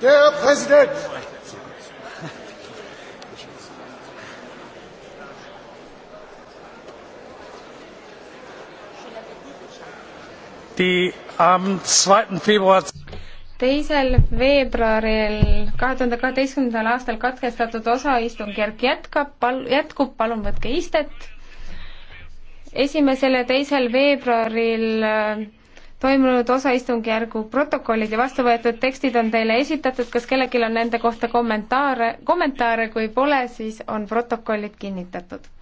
Der Präsident! teisel veebruaril kahe tuhande kaheteistkümnendal aastal katkestatud osaistungjärk jätkab, pal-, jätkub, palun võtke istet. esimesel ja teisel veebruaril toimunud osaistungjärgu protokollid ja vastu võetud tekstid on teile esitatud, kas kellelgi on nende kohta kommentaare, kommentaare, kui pole, siis on protokollid kinnitatud